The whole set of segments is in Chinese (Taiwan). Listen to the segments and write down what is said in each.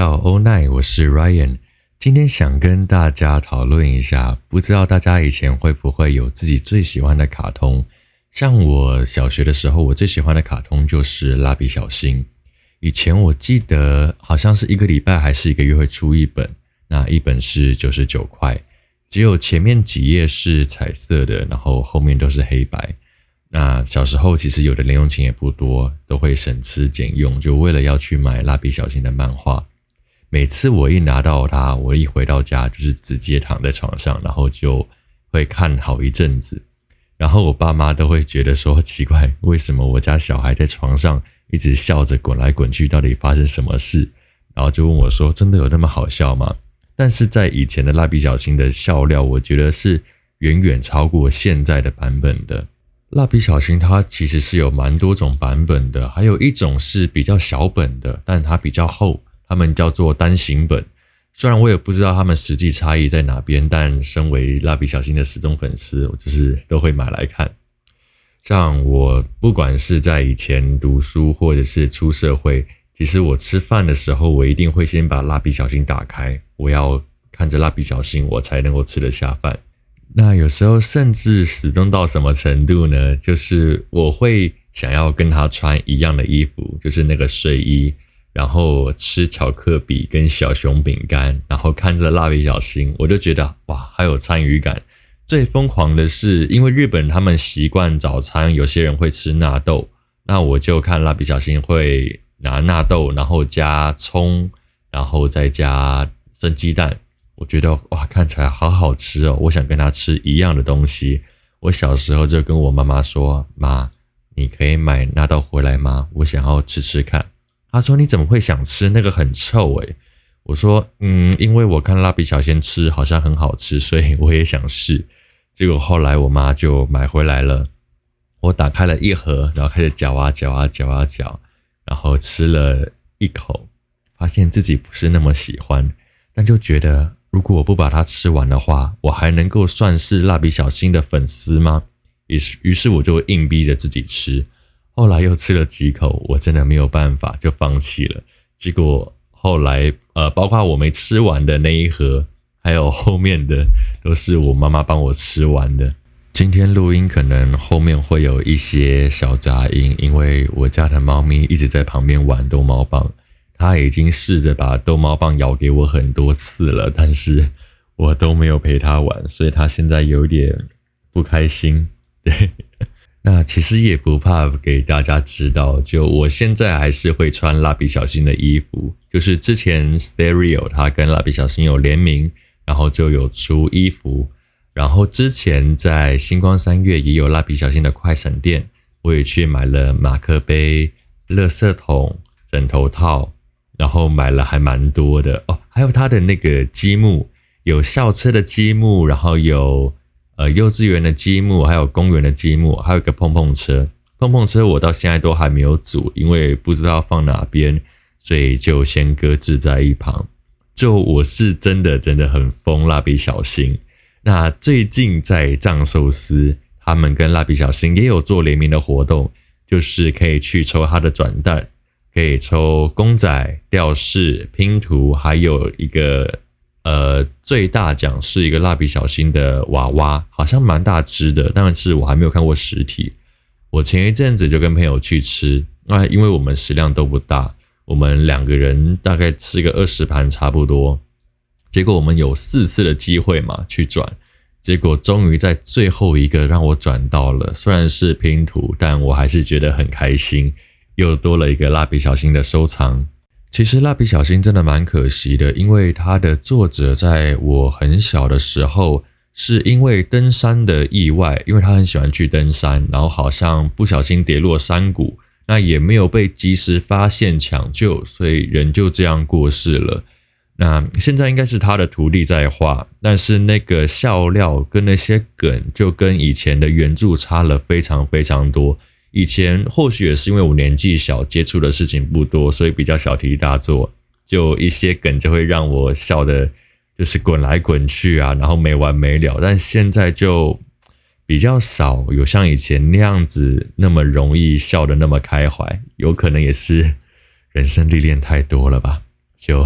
OWL NIGHT 我是 Ryan。今天想跟大家討論一下，不知道大家以前會不會有自己最喜歡的卡通？像我小學的時候，我最喜歡的卡通就是《蠟筆小新》。以前我記得好像是一個禮拜還是一個月會出一本，那一本是九十九塊，只有前面幾頁是彩色的，然後後面都是黑白。那小時候其實有的零用錢也不多，都會省吃儉用，就為了要去買《蠟筆小新》的漫畫。每次我一拿到它，我一回到家就是直接躺在床上，然後就會看好一陣子。然後我爸媽都會覺得說奇怪，為什麼我家小孩在床上一直笑着滾來滾去，到底發生什麼事？然後就問我說：“真的有那麼好笑嗎？”但是在以前的蠟筆小新的笑料，我覺得是遠遠超過現在的版本的。蠟筆小新它其實是有蠻多種版本的，還有一種是比較小本的，但它比較厚。他們叫做單行本，雖然我也不知道他們實際差異在哪邊，但身為蠟筆小新的死忠粉絲，我就是都會買來看。像我不管是在以前讀書，或者是出社會，其實我吃飯的時候，我一定會先把蠟筆小新打開，我要看着蠟筆小新，我才能夠吃得下飯。那有時候甚至死忠到什麼程度呢？就是我會想要跟他穿一樣的衣服，就是那個睡衣。然後吃巧克力跟小熊餅乾，然後看着蠟筆小新，我就覺得哇，好有參與感。最瘋狂的是，因為日本他們習慣早餐，有些人會吃納豆，那我就看蠟筆小新會拿納豆，然後加蔥，然後再加生雞蛋。我覺得哇，看起來好好吃哦！我想跟他吃一樣的東西。我小時候就跟我媽媽說：“媽，你可以買納豆回來嗎？我想要吃吃看。”他說：“你怎麼會想吃那個很臭誒？”我說：“嗯，因為我看蠟筆小新吃好像很好吃，所以我也想試。”結果後來我媽就買回來了，我打開了一盒，然後開始攪啊攪啊攪啊攪、啊，然後吃了一口，發現自己不是那麼喜歡，但就覺得如果我不把它吃完的話，我還能夠算是蠟筆小新的粉絲嗎？於是，於是我就硬逼着自己吃。後來又吃了幾口，我真的沒有辦法，就放棄了。結果後來，呃，包括我沒吃完的那一盒，還有後面的，都是我媽媽幫我吃完的。今天錄音可能後面會有一些小雜音，因為我家的貓咪一直在旁邊玩逗貓棒，它已經試着把逗貓棒咬給我很多次了，但是我都沒有陪它玩，所以它現在有點不開心。對。那其實也不怕給大家知道，就我現在還是會穿蠟筆小新的衣服。就是之前 Stereo 它跟蠟筆小新有聯名，然後就有出衣服。然後之前在星光三月也有蠟筆小新的快閃店，我也去買了馬克杯、垃圾桶、枕頭套，然後買了還蠻多的哦。還有它的那個積木，有校車的積木，然後有。呃，幼稚園的積木，還有公園的積木，還有一個碰碰車。碰碰車我到現在都還沒有組，因為不知道放哪邊，所以就先擱置在一旁。就我是真的真的很瘋蠟筆小新。那最近在藏壽司，他們跟蠟筆小新也有做聯名的活動，就是可以去抽他的轉蛋，可以抽公仔、吊飾、拼圖，還有一個。呃，最大獎是一個蠟筆小新的娃娃，好像蠻大隻的，但是我還沒有看過實體。我前一陣子就跟朋友去吃，那、啊、因為我們食量都不大，我們兩個人大概吃個二十盤差不多。結果我們有四次的機會嘛，去轉，結果終於在最後一個讓我轉到了，雖然是拼圖，但我還是覺得很開心，又多了一個蠟筆小新的收藏。其實蠟筆小新真的蠻可惜的，因為他的作者在我很小的時候，是因為登山的意外，因為他很喜歡去登山，然後好像不小心跌落山谷，那也沒有被及時發現搶救，所以人就這樣過世了。那現在應該是他的徒弟在畫，但是那個笑料跟那些梗，就跟以前的原著差了非常非常多。以前或許也是因為我年紀小，接觸的事情不多，所以比較小題大做，就一些梗就會讓我笑得，就是滾來滾去啊，然後沒完沒了。但現在就比較少有像以前那樣子那麼容易笑得那麼開懷，有可能也是人生歷練太多了吧，就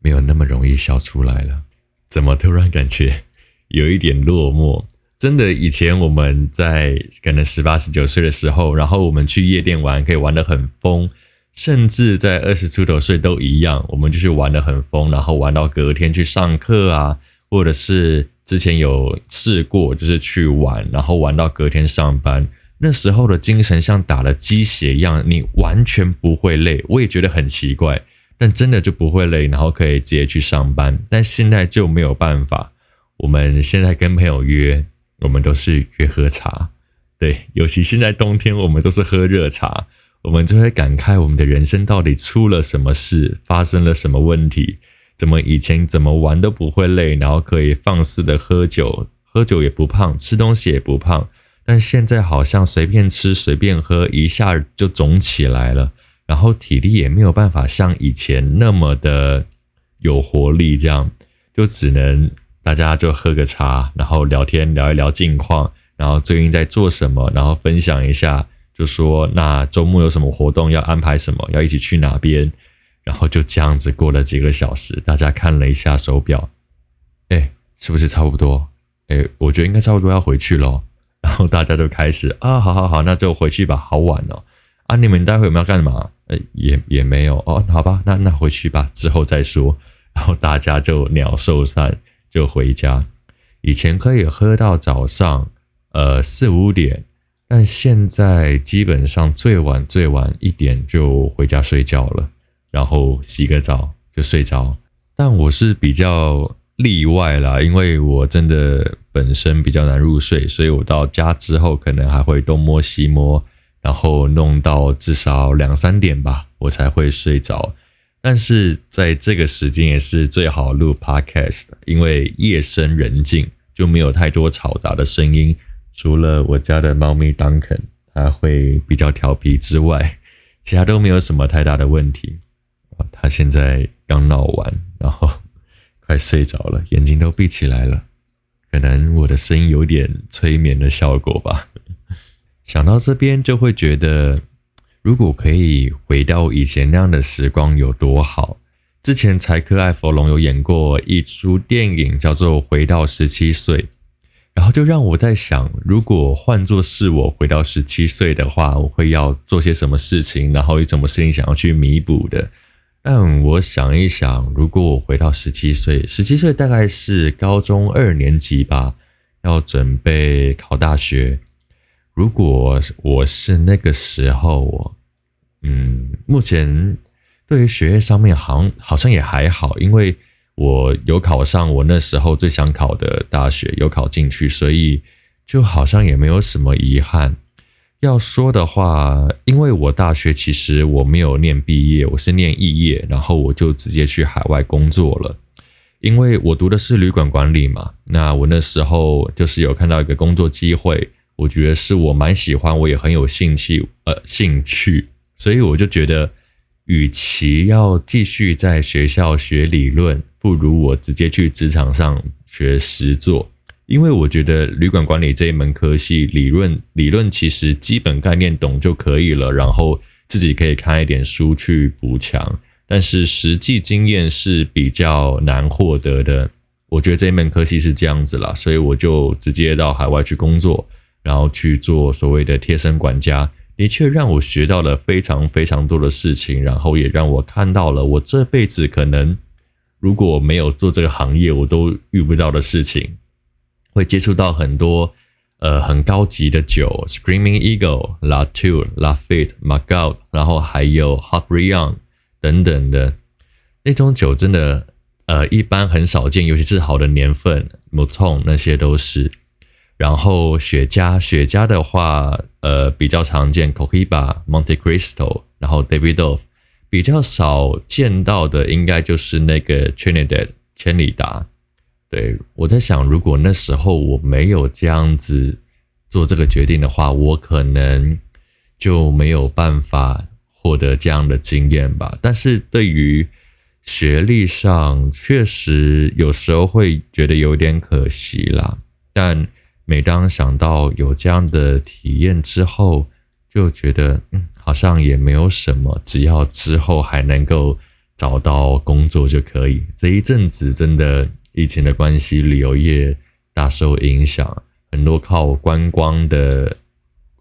沒有那麼容易笑出來了。怎麼突然感覺有一點落寞？真的，以前我們在可能十八十九歲的時候，然後我們去夜店玩，可以玩得很瘋，甚至在二十出頭歲都一樣，我們就是玩得很瘋，然後玩到隔天去上課啊，或者是之前有試過，就是去玩，然後玩到隔天上班，那時候的精神像打了雞血一樣，你完全不會累，我也覺得很奇怪，但真的就不會累，然後可以直接去上班，但現在就沒有辦法。我們現在跟朋友約。我們都是約喝茶，對，尤其現在冬天，我們都是喝熱茶，我們就會感慨我們的人生到底出了什麼事，發生了什麼問題？怎麼以前怎麼玩都不會累，然後可以放肆的喝酒，喝酒也不胖，吃東西也不胖，但現在好像隨便吃隨便喝一下就腫起來了，然後體力也沒有辦法像以前那麼的有活力，這樣就只能。大家就喝個茶，然後聊天聊一聊近況，然後最近在做什麼，然後分享一下，就說那周末有什麼活動要安排什麼，要一起去哪邊，然後就這樣子過了幾個小時，大家看了一下手表，哎，是不是差不多？哎，我覺得應該差不多要回去了。然後大家就開始啊，好好好，那就回去吧，好晚了哦。啊，你們待會兒有沒有幹嘛？也也沒有哦，好吧，那那回去吧，之後再說。然後大家就鳥獸散。就回家，以前可以喝到早上，呃，四五點，但現在基本上最晚最晚一點就回家睡覺了，然後洗個澡就睡着。但我是比較例外啦，因為我真的本身比較難入睡，所以我到家之後可能還會東摸西摸，然後弄到至少兩三點吧，我才會睡着。但是在這個時間也是最好錄 podcast 的，因為夜深人靜就沒有太多嘈雜的聲音，除了我家的貓咪 Duncan 它會比較調皮之外，其他都沒有什麼太大的問題。它、哦、現在剛鬧完，然後快睡着了，眼睛都閉起來了，可能我的聲音有點催眠的效果吧。想到這邊就會覺得。如果可以回到以前那樣的時光有多好？之前柴克艾佛隆有演過一出電影叫做《回到十七歲》，然後就讓我在想，如果換作是我回到十七歲的話，我會要做些什麼事情，然後有什麼事情想要去彌補的？嗯，我想一想，如果我回到十七歲，十七歲大概是高中二年級吧，要準備考大學。如果我是那個時候，嗯，目前對於學業上面好像好像也還好，因為我有考上我那時候最想考的大學，有考進去，所以就好像也沒有什麼遺憾。要說的話，因為我大學其實我沒有念畢業，我是念肄業，然後我就直接去海外工作了。因為我讀的是旅館管理嘛，那我那時候就是有看到一個工作機會。我覺得是我蠻喜歡，我也很有興趣，呃，興趣，所以我就覺得，與其要繼續在學校學理論，不如我直接去職場上學實作。因為我覺得旅館管理這一門科系，理論理論其實基本概念懂就可以了，然後自己可以看一點書去補強，但是實際經驗是比較難獲得的。我覺得這一門科系是這樣子啦，所以我就直接到海外去工作。然後去做所謂的貼身管家，你卻讓我學到了非常非常多的事情，然後也讓我看到了我這輩子可能如果沒有做這個行業，我都遇不到的事情，會接觸到很多呃很高級的酒，Screaming Eagle、La t u l l Lafite、m a g o t 然後還有 Hot Briand 等等的，那種酒真的呃一般很少見，尤其是好的年份 m 痛那些都是。然後雪茄，雪茄的話，呃，比較常見，Cohiba、Montecristo，然後 Davidoff，比較少見到的應該就是那個 Trinidad 的千里達。對我在想，如果那時候我沒有這樣子做這個決定的話，我可能就沒有辦法獲得這樣的經驗吧。但是對於學歷上，確實有時候會覺得有點可惜啦，但。每當想到有這樣的體驗之後，就覺得嗯，好像也沒有什麼，只要之後還能夠找到工作就可以。這一陣子真的疫情的關係，旅遊業大受影響，很多靠觀光的，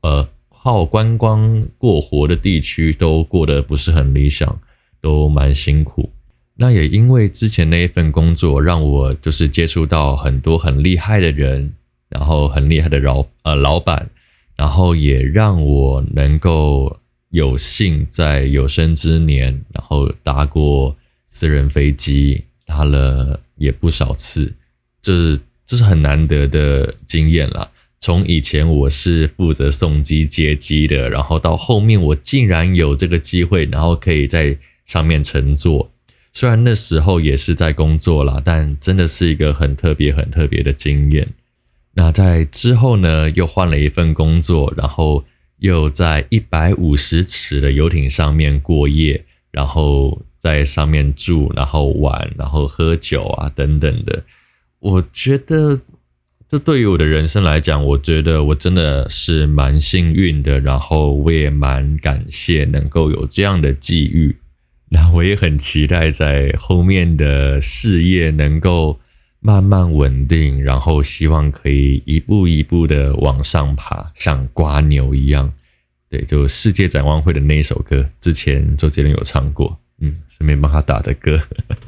呃，靠觀光過活的地區都過得不是很理想，都蠻辛苦。那也因為之前那一份工作，讓我就是接觸到很多很厲害的人。然後很厲害的老呃、老板，然後也讓我能夠有幸在有生之年，然後搭過私人飛機，搭了也不少次，這是，這是很難得的經驗了。從以前我是負責送機接機的，然後到後面我竟然有這個機會，然後可以在上面乘坐，雖然那時候也是在工作啦，但真的是一個很特別很特別的經驗。那在之後呢，又換了一份工作，然後又在一百五十尺的遊艇上面過夜，然後在上面住，然後玩，然後喝酒啊等等的。我覺得，這對於我的人生來講，我覺得我真的是蠻幸運的，然後我也蠻感謝能夠有這樣的際遇。那我也很期待在後面的事業能夠。慢慢穩定，然後希望可以一步一步的往上爬，像蝸牛一樣。對，就世界展望會的那一首歌，之前周杰倫有唱過，嗯，順便幫他打的歌。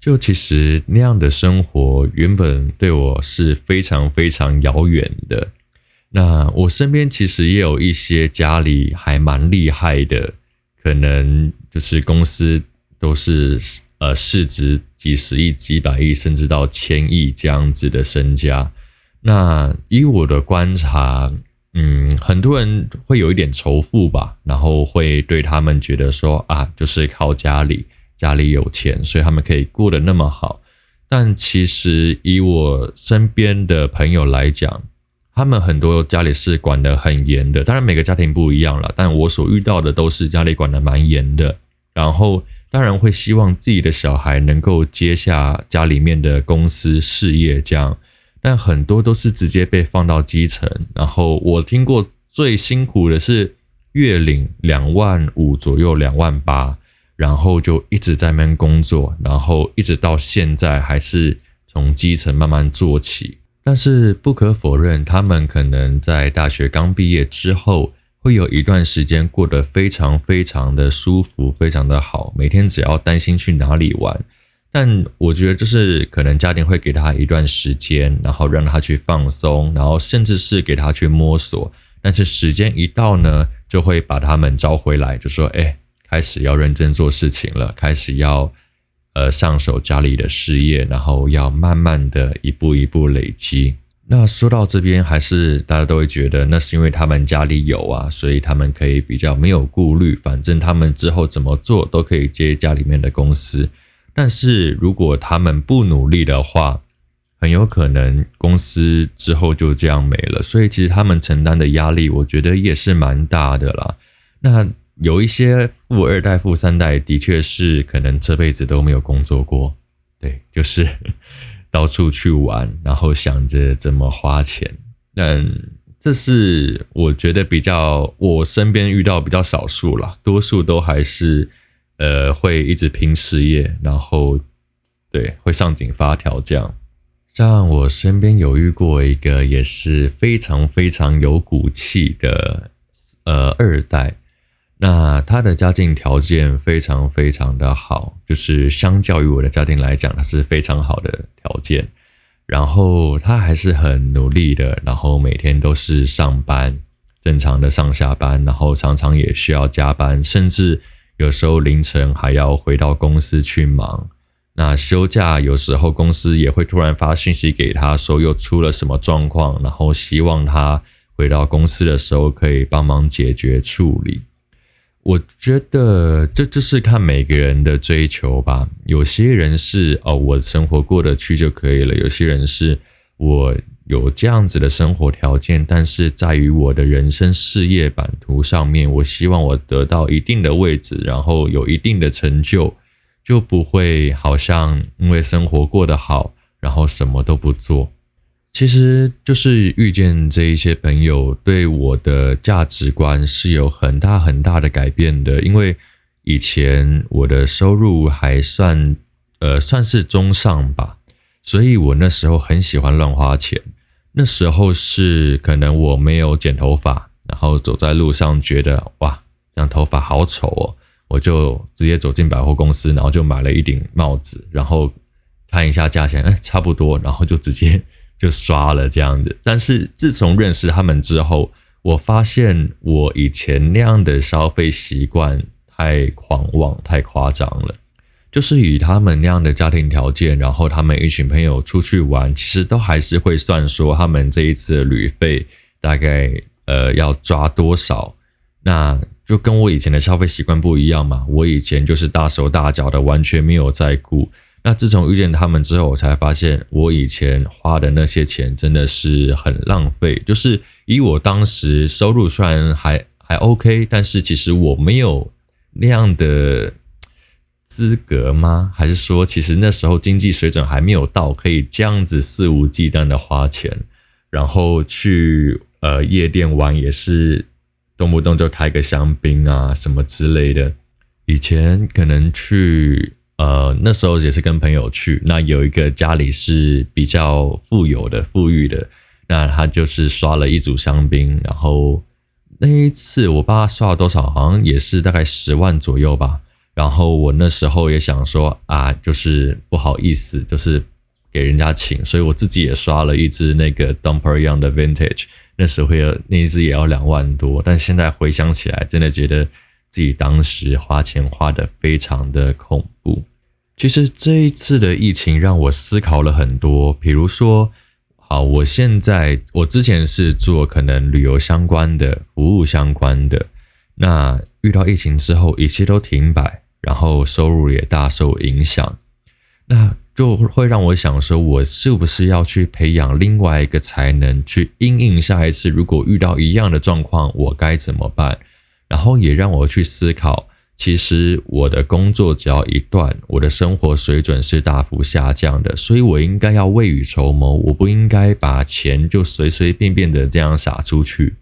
就其實那樣的生活，原本對我是非常非常遙遠的。那我身邊其實也有一些家裡還蠻厲害的，可能就是公司都是呃市值。幾十億、幾百億，甚至到千億這樣子的身家。那以我的觀察，嗯，很多人會有一點仇富吧，然後會對他們覺得說啊，就是靠家裡，家裡有錢，所以他們可以過得那麼好。但其實以我身邊的朋友來講，他們很多家裡是管得很嚴的，當然每個家庭不一樣了，但我所遇到的都是家裡管得蠻嚴的，然後，當然會希望自己的小孩能夠接下家裡面的公司事業這樣，但很多都是直接被放到基層。然後我聽過最辛苦的是月領兩萬五左右，兩萬八，然後就一直在那邊工作，然後一直到現在還是從基層慢慢做起。但是不可否認，他們可能在大學剛畢業之後。會有一段時間過得非常非常的舒服，非常的好，每天只要擔心去哪裡玩。但我覺得就是可能家庭會給他一段時間，然後讓他去放鬆，然後甚至是給他去摸索。但是時間一到呢，就會把他們召回來，就說：“哎，開始要認真做事情了，開始要呃上手家裡的事業，然後要慢慢的一步一步累積。”那說到這邊，還是大家都會覺得，那是因為他們家裡有啊，所以他們可以比較沒有顧慮，反正他們之後怎麼做都可以接家裡面的公司。但是如果他們不努力的話，很有可能公司之後就這樣沒了。所以其實他們承擔的壓力，我覺得也是蠻大的啦。那有一些富二代、富三代，的確是可能這輩子都沒有工作過，對，就是。到處去玩，然後想着怎麼花錢，但這是我覺得比較我身邊遇到比較少數啦，多數都還是，呃，會一直拼事業，然後對，會上緊發條這樣。像我身邊有遇過一個也是非常非常有骨氣的，呃，二代。那他的家境條件非常非常的好，就是相較於我的家庭來講，他是非常好的條件。然後他還是很努力的，然後每天都是上班，正常的上下班，然後常常也需要加班，甚至有時候凌晨還要回到公司去忙。那休假有時候公司也會突然發信息給他，說又出了什麼狀況，然後希望他回到公司的時候可以幫忙解決處理。我覺得這就是看每個人的追求吧。有些人是哦，我生活過得去就可以了；有些人是，我有這樣子的生活條件，但是在於我的人生事業版圖上面，我希望我得到一定的位置，然後有一定的成就，就不會好像因為生活過得好，然後什麼都不做。其實就是遇見這一些朋友，對我的價值觀是有很大很大的改變的。因為以前我的收入還算，呃，算是中上吧，所以我那時候很喜歡亂花錢。那時候是可能我沒有剪頭髮，然後走在路上覺得哇，這樣頭髮好醜哦，我就直接走進百貨公司，然後就買了一頂帽子，然後看一下價錢，哎，差不多，然後就直接。就刷了這樣子，但是自從認識他們之後，我發現我以前那樣的消費習慣太狂妄、太誇張了。就是以他們那樣的家庭條件，然後他們一群朋友出去玩，其實都還是會算說他們這一次旅費大概呃要抓多少，那就跟我以前的消費習慣不一樣嘛。我以前就是大手大腳的，完全沒有在顧。那自從遇見他們之後，我才發現我以前花的那些錢真的是很浪費。就是以我當時收入雖然還還 OK，但是其實我沒有那樣的資格嗎？還是說其實那時候經濟水準還沒有到可以這樣子肆無忌憚的花錢，然後去呃夜店玩也是動不動就開個香檳啊什麼之類的。以前可能去。呃，那時候也是跟朋友去，那有一個家裡是比較富有的、富裕的，那他就是刷了一組香檳，然後那一次我爸刷了多少，好像也是大概十萬左右吧。然後我那時候也想說啊，就是不好意思，就是給人家請，所以我自己也刷了一支那個 Dumper Young 的 Vintage，那時候會有那一支也要兩萬多，但現在回想起來，真的覺得。自己當時花錢花得非常的恐怖。其實這一次的疫情讓我思考了很多，比如說，好，我現在我之前是做可能旅遊相關的服務相關的，那遇到疫情之後，一切都停擺，然後收入也大受影響，那就會讓我想說，我是不是要去培養另外一個才能，去因應下一次如果遇到一樣的狀況，我該怎麼辦？然後也讓我去思考，其實我的工作只要一斷，我的生活水準是大幅下降的，所以我應該要未雨綢繆，我不應該把錢就隨隨便便的這樣撒出去。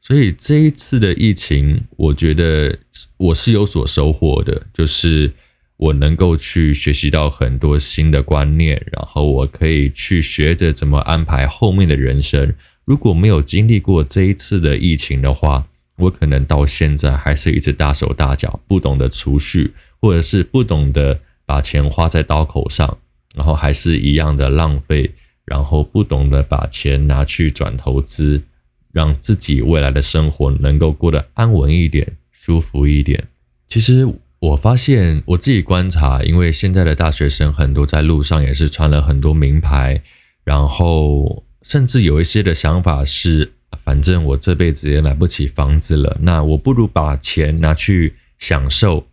所以這一次的疫情，我覺得我是有所收穫的，就是我能夠去學習到很多新的觀念，然後我可以去學着怎麼安排後面的人生。如果沒有經歷過這一次的疫情的話，我可能到現在還是一直大手大腳，不懂得儲蓄，或者是不懂得把錢花在刀口上，然後還是一樣的浪費，然後不懂得把錢拿去轉投資，讓自己未來的生活能夠過得安穩一點、舒服一點。其實我發現我自己觀察，因為現在的大學生很多在路上也是穿了很多名牌，然後甚至有一些的想法是。反正我這輩子也買不起房子了，那我不如把錢拿去享受。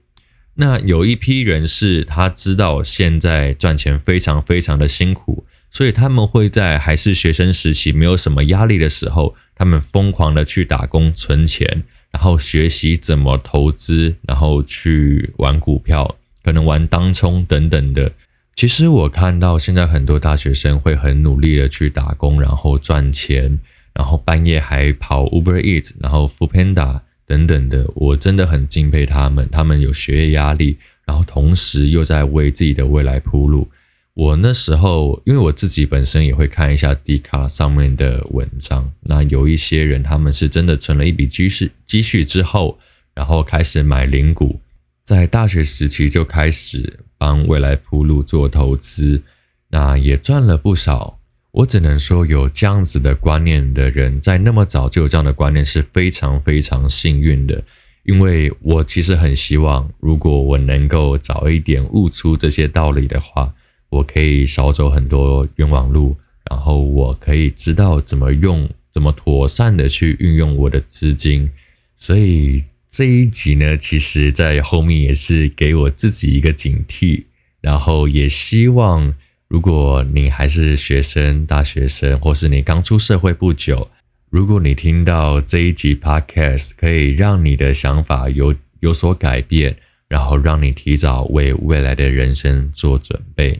那有一批人士，他知道現在賺錢非常非常的辛苦，所以他們會在還是學生時期，沒有什麼壓力的時候，他們瘋狂的去打工存錢，然後學習怎麼投資，然後去玩股票，可能玩當沖等等的。其實我看到現在很多大學生會很努力的去打工，然後賺錢。然後半夜還跑 Uber Eats，然後 Foodpanda 等等的，我真的很敬佩他們，他們有學業壓力，然後同時又在為自己的未來鋪路。我那時候，因為我自己本身也會看一下 Dcard 上面的文章，那有一些人他們是真的存了一筆積蓄，積蓄之後，然後開始買零股，在大學時期就開始幫未來鋪路做投資，那也賺了不少。我只能說，有這樣子的觀念的人，在那麼早就有這樣的觀念是非常非常幸運的，因為我其實很希望，如果我能夠早一點悟出這些道理的話，我可以少走很多冤枉路，然後我可以知道怎麼用，怎麼妥善的去運用我的資金。所以這一集呢，其實在後面也是給我自己一個警惕，然後也希望，如果你還是學生、大學生，或是你剛出社會不久，如果你聽到這一集 podcast 可以讓你的想法有有所改變，然後讓你提早為未來的人生做準備，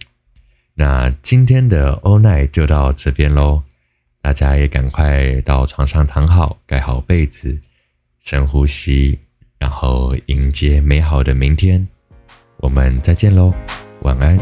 那今天的 OWL NIGHT 就到這邊嘍。大家也趕快到床上躺好，蓋好被子，深呼吸，然後迎接美好的明天。我們再見嘍，晚安。